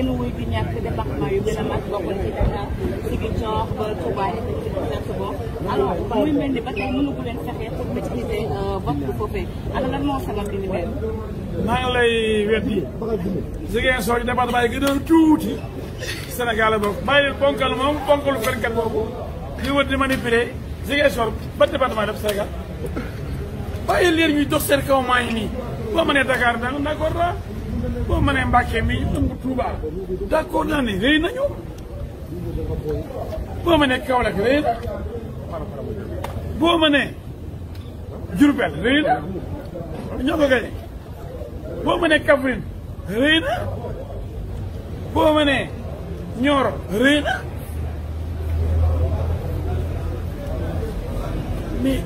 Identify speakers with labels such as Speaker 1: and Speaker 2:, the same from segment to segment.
Speaker 1: gën a a euh, maa ngi lay weddi Ziguinchor ci département yi gën a tuuti Sénégal boobu bàyyi bonkal moom bonkalu fenkat boobu ñu wër di manipuler Ziguinchor ba département def Sénégal bàyyi leen ñuy dox seen kaw maa ngi nii boo ma nee Dakar danga d'accord boo mënee Mbàkke mi mën nga Touba d'accord naa ne rëy nañu boo mënee Kaolack rëy na boo mënee Diourbel rëy na ñoo ko gañe boo mënee Kaffrine rëy na boo mënee Nioro rëy na mais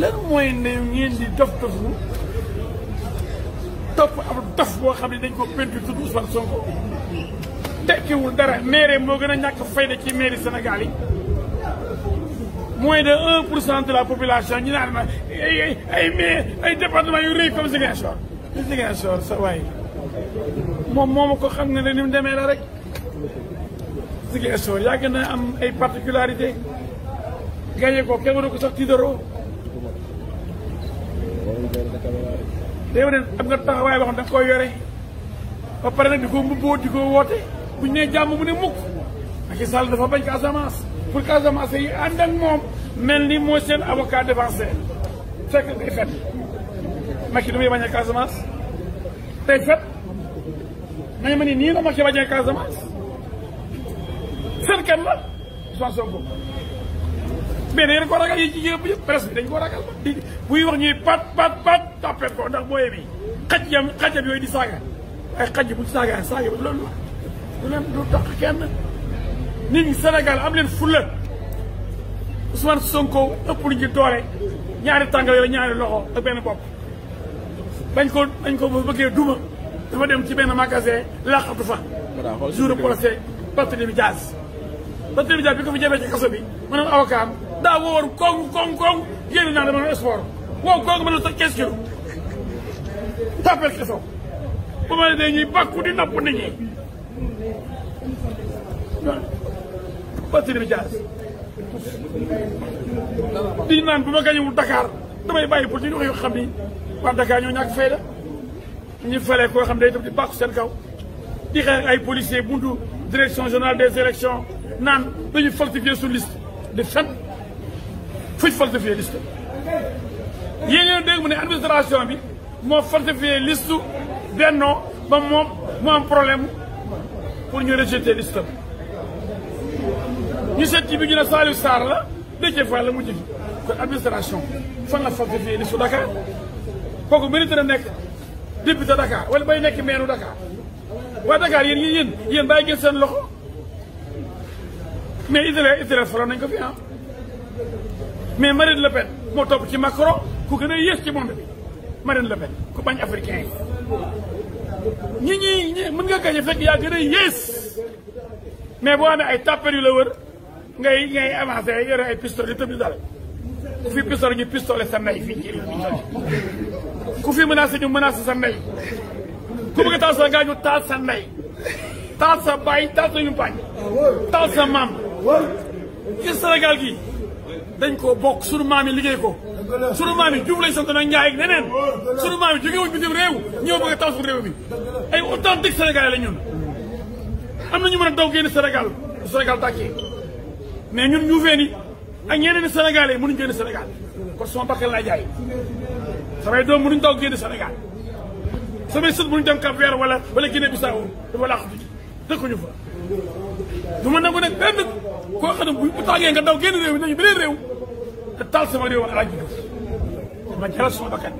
Speaker 1: lan mooy ne ngeen di dof dofu topp ab dof boo xam ne dañ ko pentu tudd Ousmane Sonko tekkiwul dara maire moo gën a ñàkk fayda ci mairie Sénégal yi moins de un pour cent de la population ñu naan ma ay ay ay département yu rëy comme Ziguinchor Ziguinchor sa waay moom moo ma ko xam ne ni mu demee la rek Ziguinchor yàgg na am ay particularité gagné ko kenn waru ko sax tiidaroo teew ren am nga taxawaay yore ba pare nag di mbubboo di woote bu ñu nee jàmm mu ne mukk Macky Sall dafa bañ Casamance pour Casamance yi ànd ak moom mel ni mooy seen avocat défenseur fekk day fet Macky du muy bañ a fet nañ ma ni nii la Macky bañ a Casamance seen la Ousmane Sonko mais dañ ko ragal yi ci yëpp presse bi dañ ko ragal di buy wax ñuy pat pat pat tapet ko ndax bi xaj yam xajam yooyu di saaga ay xaj bu saaga saaga bi loolu du leen du tax kenn nit ñi Sénégal am leen fulla Ousmane Sonko ëpp lu ci doole ñaari tàngal yooyu ñaari loxo ak benn bopp bañ ko bañ ko bëggee duma dafa dem ci benn magasin laqatu fa jour procès Barthélémy Dias Barthélémy Dias bi ko fi jëmee ci kaso bi ma ne avocat am daa woowoon kooku kooku kooku génn naa dama ne sport wow kooku ma ne sa 15 kilos tapel kaso ba ma ne dañuy bàkku di napp nit ñi Barthélémy Dias di naan bu ma gañewul Dakar damay bàyyi pour ñu wax yoo xam ni waa Dakar ñoo ñàkk fayda ñu falee koo xam day itam di bàkku seen kaw di xeex ay policiers buntu direction générale des élections naan dañu falsifier su liste di fen fuñ falsifier liste yéen ñoo dégg mu ne administration bi moo falsifier liste bennoo ba moom mu am problème pour ñu rejeter liste bi ñu seet ci bi ñu ne Saliou Sarr la Déthié Fall la mujj fi kon administration fan la falsifier liste Dakar kooku mérite na nekk député Dakar wala bay nekk meeru Dakar waa Dakar yéen yéen yéen bàyyi ngeen seen loxo mais Idrissa Idrissa faloon ko fi ah mais Marine Le Pen moo topp ci Macron ku gën a yées ci monde bi Marine Le Pen ku bañ africain yi ñi ñi mën nga gañe fekk yaa gën a yées mais boo amee ay tapper yu la wër ngay ngay avancé yore ay pistolet yu tëb di dal ku fi pistolet ñu pistolet sa ndey fii ci ku fi menacé ñu menacé sa ndey ku bëgg taal sa ngaa ñu sa ndey taal sa baay taal sa ñu bañ taal sa maam ci Sénégal gi dañ koo bokk sunu maam yi liggéey ko sunu maam yi Diouf lañ sant nag Ndiaye ak neneen sunu maam yi jóge wuñ bitim réew ñëw bëgg a taw suñu réew mi ay authentique am na ñu mën a daw génn Sénégal Sénégal mais ñu fee ni ak ñeneen Sénégalais yi mënuñ génn Sénégal kon sama bakkan laa jaay samay doom mënuñ daw génn Sénégal samay sët mënuñ dem Cap Vert wala wala Guinée Bissau dafa du ma nangu nag benn koo xam ne bu bu taagee nga daw génn réew mi nañu beneen réew te taal sama réew El Hadj Diouf ma jaral sama bakkan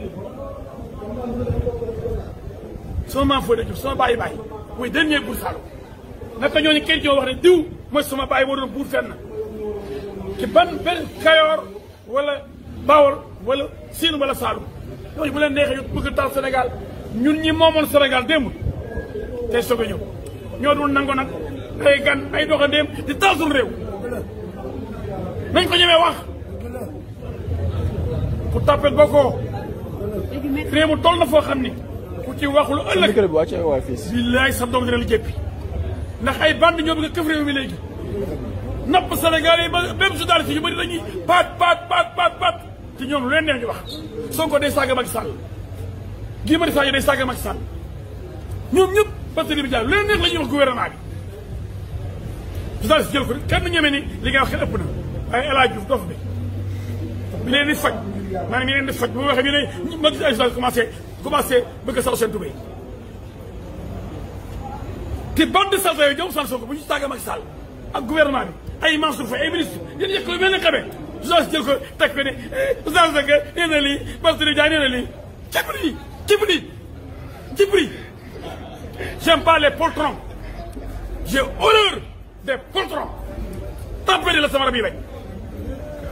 Speaker 1: sama maam Fodé Diouf sama bàyyi bàyyi muy dernier buur Saloum naka ñooñu kenn ñoo wax ne diw mooy sama bàyyi moo doon buur fenn ci ban benn Kayoor wala Bawol wala Siin wala Saloum ñooñu bu leen neexee ñu bëgg taal Sénégal ñun ñi moomoon Sénégal démb tey soog a ñoo dul nangu nag. ay gan ay doxandéem di taal suñu réew nañ ko ñemee wax ku tàppet bokkoo réew mu toll na foo xam ni ku ci wax lu ëllëg billaay sa doom dina la jéppi ndax ay band ñoo bëgg a këf réew mi léegi napp Sénégal yi ba même journaliste yu bëri dañuy paat paat paat paat paat te ñoom lu leen neex ñu wax Sonko day saaga Macky Sall Guy Marius Sagna day saaga Macky Sall ñoom ñëpp parce que li bi jaar leen neex la ko wax saa si jël ko kenn ñeme ni li nga wax ëpp na waaye El Hadj Diouf bi mi leen di faj maanaam mi leen di faj bu waxee ñu ne ma gis ay saa bëgg a saw seen tubéy te bande salta yooyu ñoom Ousmane Sonko bu ñu ak gouvernement bi ay Mansour Faye ay ministre yéen yëg ko mel ne xamee saa si jël ko teg ko ne na lii Bassirou Dia nee na lii cibli cibli cibli j'aime pas les poltrons j'ai horreur des poltrons la samara bi bañ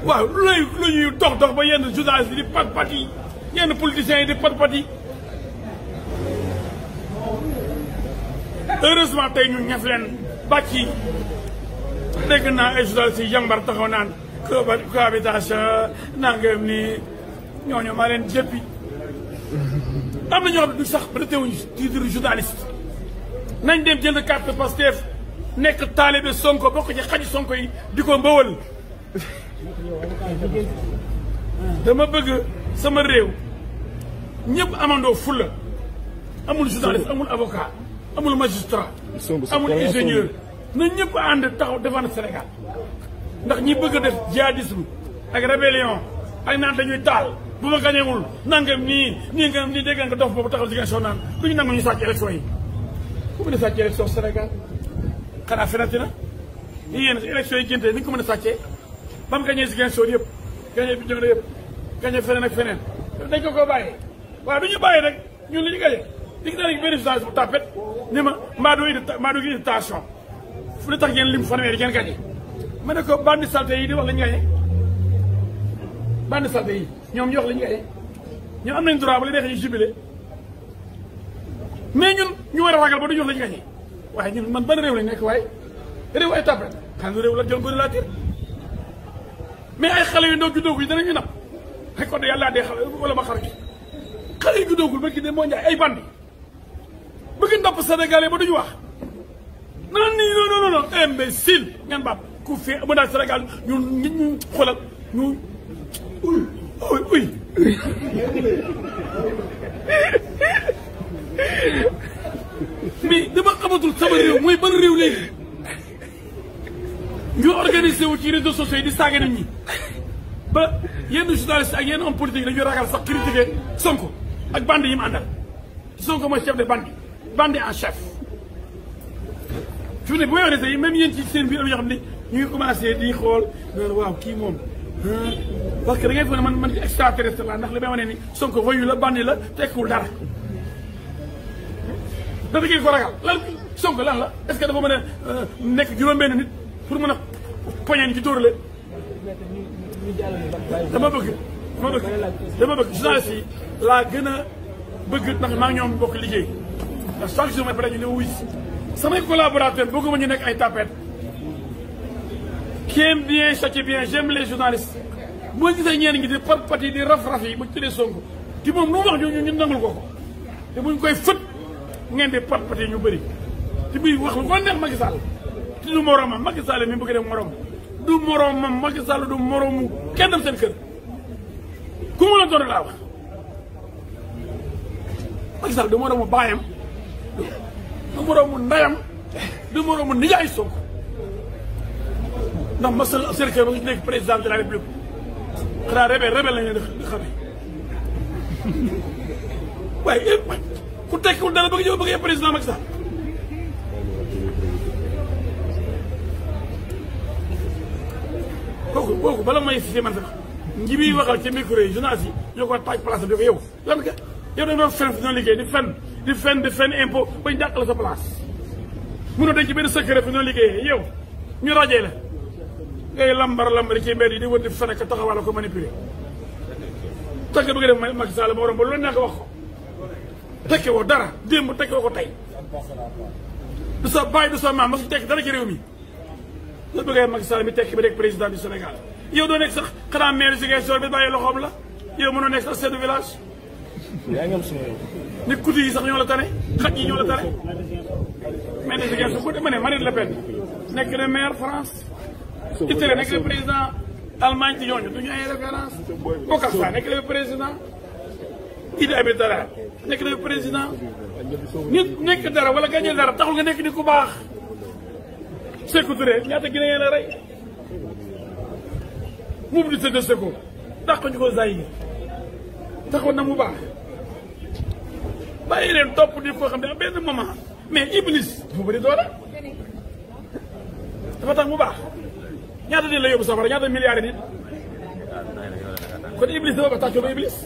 Speaker 1: waaw lay lu ñuy dox dox ba yenn journalistes yi di pat pat yi yenn politiciens yi di pat pat yi heureusement tey ñu ñaf leen bàcc yi dégg naa ay journalistes yi taxaw naan cohabitation nangam nii ñooñu maa leen jéppi am na ñoo xam ne du sax ba teewuñu titre journaliste nañ dem jënd carte Pastef nekk taalibe Sonko bokk ci xaj Sonko yi di ko mbëwal dama bëgg sama réew ñëpp amandoo fulla amul journaliste amul avocat amul magistrat amul ingénieur na ñëpp ànd taxaw défendre Sénégal ndax ñi bëgg a def jihadisme ak rébellion ak naan dañuy taal bu ma gañewul nangam nii nii nga nii dégg nga dof boobu taxaw si naan du ñu nangu ñu sàcc élection yi ku mu ne sàcc élection Sénégal xanaa fenati na lii yéen élection yi génte ni ko mën a sàccee ba mu gañee Ziguinchor yëpp gañee bi jona yëpp gañee feneen ak feneen dañ ko koo bàyyee waaw du ñu bàyyee nag ñun li ñu gañee di ngi daal vérification bu tàppet ni ma mbaa doo indi mbaa doo indi fu ne tax ngeen lim fanweeri ngeen gañee ma ne ko bandi salté yi di wax la ñu gañee bandi salté yi ñoom ñu wax la ñu gañee ñoom am nañ droit bu la neexee ñu jubilé ñun ñu war a ragal ba du ñu wax waaye ñun man ban réew lañ nekk waaye réew ay tapé xanaa réew la jël laa tiir mais ay xale yu ndaw juddoogul danañu napp ay kon yàllaa dee xale wala ma xar gi xale yi juddoogul ba kii moo njaay ay bandi bëgg napp sénégalais ba duñu wax naan nii non non non imbécile ngeen baab ku fee mu daal Sénégal ñu ñu xoolal ñu uy uy uy mais dama xamatul sama réew mooy ban réew léegi ñu wu ci réseaux sociaux yi di saaga ñi ba yenn journaliste ak yenn homme politique dañuy ragal sax Sonko ak bande yim mu àndal Sonko mooy chef de bande bande en chef. fi mu ne bu may waxee même yéen ci seen biir am yoo xam ne ñu ngi commencé di xool waaw kii moom parce que da ngay foog man man extraterrestre la ndax li may wane ni Sonko voyou la bande la tekkiwul dara. dafa jege ko ragal lan Sonko lan la est-ce que dafa mën a euh, nekk juróom-benn nit pour mën a poñe nit ci dóor leen dama bëgg dama bëgg dama bëgg journaliste yi laa gën a bëgg ndax maa ngi ñoom bokk liggéey ndax chaque jour may pare ñu ne wuy samay collaborateur ko ma ñu nekk ay tapette qui aime bien châtie bien boo gisee ñeen ngi di pat pat yi di raf raf yi bu ñu tuddee Sonko moom lu mu wax ñu ñu nangul ko ko te buñ koy fët ngeen di papate ñu bëri ci biir wax lu ko neex Macky Sall te du moroomam Macky Sall mi bëgg dem moroom du moroomam Macky du moroomu kenn dem seen kër ku mu la doon laa wax Macky du moroomu baayam du moroomu ndeyam du moroomu nijaay Sonko ndax ma sal cercle ba nga ci nekk président de la rebel rebel la di xamee bu tekkiwul dara bëgg ñëw bëgg yëpp président Macky Sall kooku kooku bala may si man sax nji bi waxal ci micro yi journaliste yi ñoo ko taaj place bi ko yow lan yow dañu fen si noonu liggéey di fen di fen di fen impôt bañ jàqale sa place mënoo denc benn secret fi noonu liggéeyee yow ñu rajee la ngay lambar lambar ci mbedd yi di wër di fen ak taxawal ko manipuler tagg bëgg def Macky Sall moo romb lu nekk wax ko tekke woo dara démb tekke woo ko tey du sa bàyyi du sa maam ma su tekki dara ci réew mi soo bëggee Macky Sall mi tekki ba nekk président du Sénégal yow doo nekk sax xanaa maire Ziguinchor bi bàyyi loxoom la yow mënoo nekk sax chef de village nit kuti yi sax ñoo la tane xaj yi ñoo la tane maire de Ziguinchor ku ma ne Marine Le Pen nekk na maire France Italie nekk na président Allemagne ci ñooñu du ñu ay référence Bokassa nekk na président Idi Abi dara nekk na président nit nekk dara wala gañe dara taxul nga nekk ni ku baax Sékou Touré ñaata Guinéen la rey mobilité de Sékou ndax ko ñu ko Zaïre taxoon na mu baax bàyyi leen topp di koo xam ne am benn moment mais Iblis dafa bëri doole dafa tax mu baax ñaata nit la yóbbu safara ñaata milliards nit kon Iblis dafa ba tàccoo ba Iblis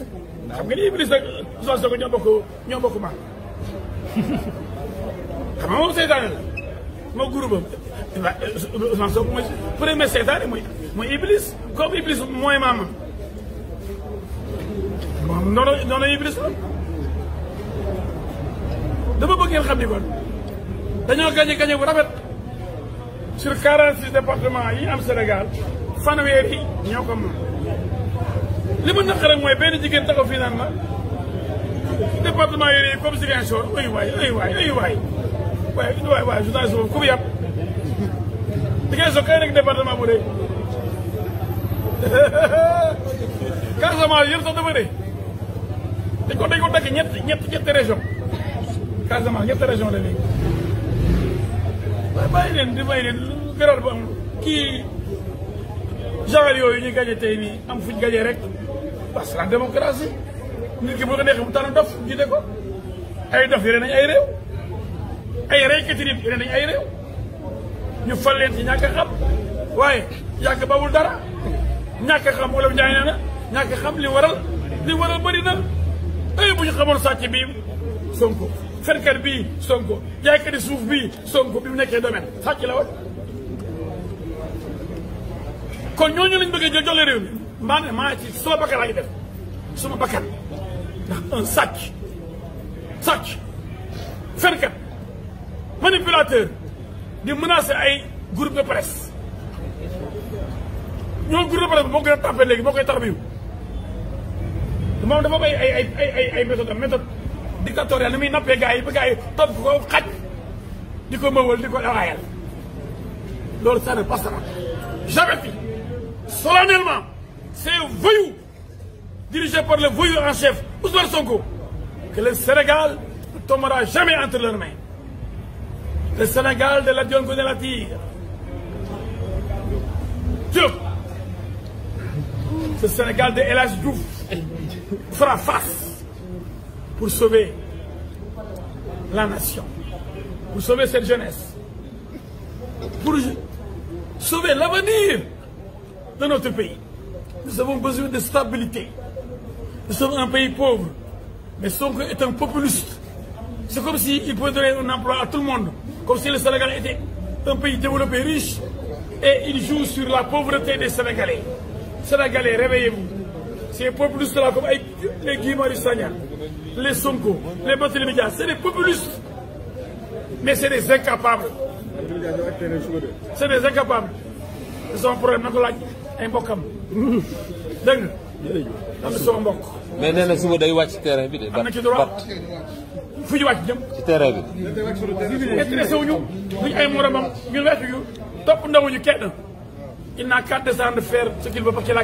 Speaker 1: xam nga ni Iblis nag Ousmane Sonko ñoo bokk ñoo bokk baax xam nga moom seytaane moo groupe am Ousmane Sonko mooy premier seytaane mooy mooy Iblis mooy maamam moom Iblis la dama bëgg ngeen xam ni kon dañoo gañe gañe bu rafet sur quarante six départements yi am Sénégal fanweer yi ñoo ko moom li ma naqare mooy benn jigéen taxaw fii naan ma département yooyu comme Ziguinchor ay waay ay waay ay waay waay waay journaliste boobu ku mu yàpp Ziguinchor kay nekk département bu dee Casamance yëpp sax dafa dee dañ ko dañ ko dagg ñetti ñetti ñetti région Casamance ñetti région la léegi waaye bàyyi leen di bàyyi leen lu gëral bu am kii genre yooyu ñu gañe tey nii am fuñ gañe rek waaw c'est la démocratie nit ki bu ko neexee mu tànn dof jiite ko ay dof yore nañ ay réew ay reykati nit yore ay réew ñu fal leen ci ñàkk xam waaye yàgg bawul dara ñàkk a xam olof Njaay nee na ñàkk a xam li waral li waral bëri na ay bu ñu xamoon sàcc bii Sonko fenkat bii Sonko jaaykati suuf bii Sonko bi mu nekkee domaine sàcc la woon kon ñooñu lañ bëgg a jël jolle réew maa ne maa ci soo bakkan laa ngi def suma bakkan ndax un sàcc sàcc fenkat manipulateur di menacer ay groupe de presse ñoo groupe de presse bi moo gën a tàppe léegi moo koy tarbiyu moom dafa bay ay ay ay ay méthode méthode dictatoriale ni muy nappee gars yi ba gars yi ko xaj di ko mëwal di ko raayal loolu ça ne passera jamais fi c'est un voyou dirigé par le voyou en chef Ousmane Sonko que le Sénégal ne tombera jamais entre leurs mains. Le Sénégal de la Dion Ngoné Latyr. Diop. Ce Sénégal de El Hadji fera face pour sauver la nation, pour sauver cette jeunesse, pour sauver l'avenir de notre pays. Nous avons besoin de stabilité. Nous sommes un pays pauvre. Mais Sonko est un populiste. C'est comme s'il si pouvait donner un emploi à tout le monde. Comme si le Sénégal était un pays développé, riche. Et il joue sur la pauvreté des Sénégalais. Sénégalais, réveillez-vous. Ces populistes-là, comme les Guimari Sagna, les Sonko, les Barthélémy c'est des populistes. Mais c'est des incapables. C'est des incapables. ay mbokkam dégg nga. am na sama mbokk. mais nee na suba day wàcc ci terrain bi de. am na ci droit fu ñu wàcc jëm. ci terrain bi. intéressé wuñu duñ ay moromam ñun weesu topp ndawuñu kenn. il n'a qu'à descendre de faire ce qu'il veut parce qu'il a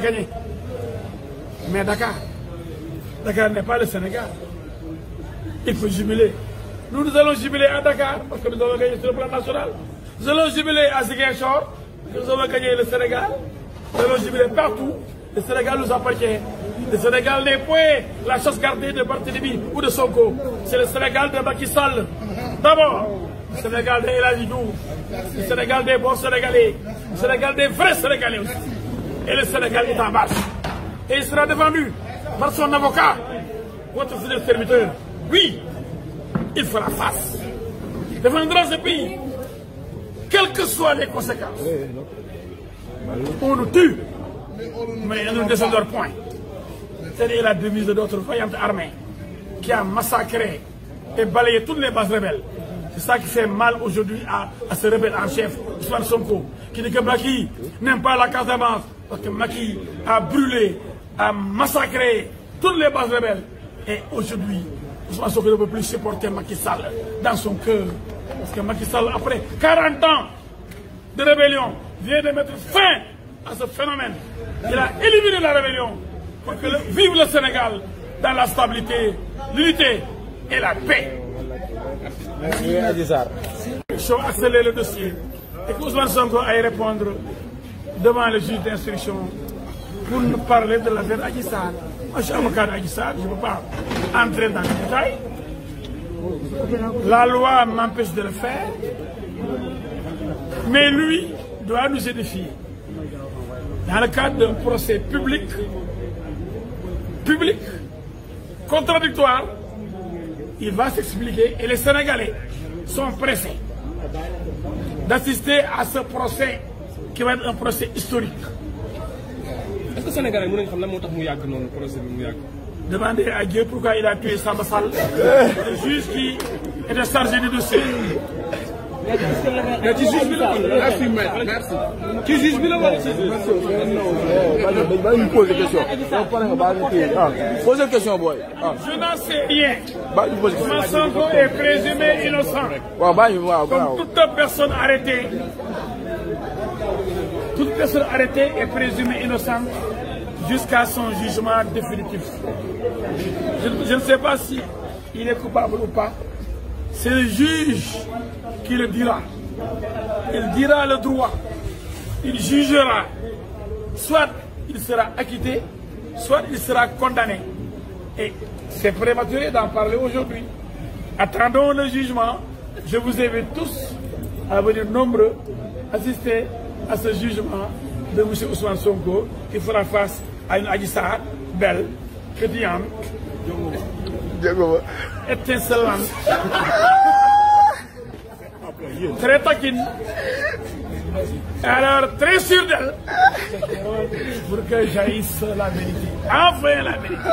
Speaker 1: Mais Dakar, Dakar n'est pas le Sénégal. Il faut jubiler. Nous, nous allons jubiler à Dakar parce que nous avons gagné sur le plan national. Nous allons jubiler à Ziguinchor, nous avons gagné le Sénégal. allons jubiler partout. Le Sénégal nous appartient. Le Sénégal n'est point la chasse gardée de Barthélémy ou de Sonko. C'est le Sénégal de Macky Sall. D'abord, le Sénégal des El Hadji Diouf. Le Sénégal des bons Sénégalais. Le Sénégal des vrais Sénégalais aussi. Et le Sénégal est en marche. Et il sera défendu par son avocat, votre fidèle serviteur. Oui, il fera face. Il défendra ce pays, quelles que soient les conséquences. On nous tue, mais ils nous descendent point. C'est la devise de notre vaillante armée qui a massacré et balayé toutes les bases rebelles. C'est ça qui fait mal aujourd'hui à, à, ce rebelle en chef, Ousmane Sonko, qui dit que Maki n'aime pas la Casamance, parce que Maki a brûlé, a massacré toutes les bases rebelles. Et aujourd'hui, Ousmane Sonko ne peut plus supporter Macky Sall dans son cœur. Parce que Macky Sall, après ans de rébellion, vient de mettre fin la rébellion pour que le, vive le Sénégal dans la stabilité, l'unité et la paix. Merci. accélérer le dossier et que Ousmane Sonko aille le juge d'instruction pour nous parler de l'affaire Agissar. Moi, je suis avocat d'Agissar, je peux pas entrer dans les détails. La loi m'empêche de le faire. Mais lui, doit nous édifier dans le cadre d'un procès public, public, contradictoire, il va s'expliquer et les Sénégalais sont pressés d'assister à ce procès qui va être un procès historique. Est-ce que Sénégalais mën nañu xam lan moo tax mu yàgg noonu procès bi mu yàgg. Demandez à Dieu pourquoi il a tué Samba Sall, le juge qui chargé du dossier. ci juge bi la merci merci. ci juge bi la wala ci juge. non pose question. pose question booy. Ah. je n'en sais rien. Sonko est présumé innocent. waaw bàyyi waaw comme toute personne arrêtée. toute personne arrêtée est présumée innocente jusqu'à son jugement définitif. Je, ne sais pas si il est coupable ou pas. C'est le juge qui le dira. Il dira le droit. Il jugera. Soit il sera acquitté, soit il sera condamné. Et c'est prématuré d'en parler aujourd'hui. Attendons le jugement. Je vous invite tous à venir nombreux assister à ce jugement de M. Ousmane Sonko qui fera face à une Adissar belle, chrétienne. jéego ba. étincelante. très taquine. alors très sûre d'elle. pour que jaillisse la vérité. enfin la vérité.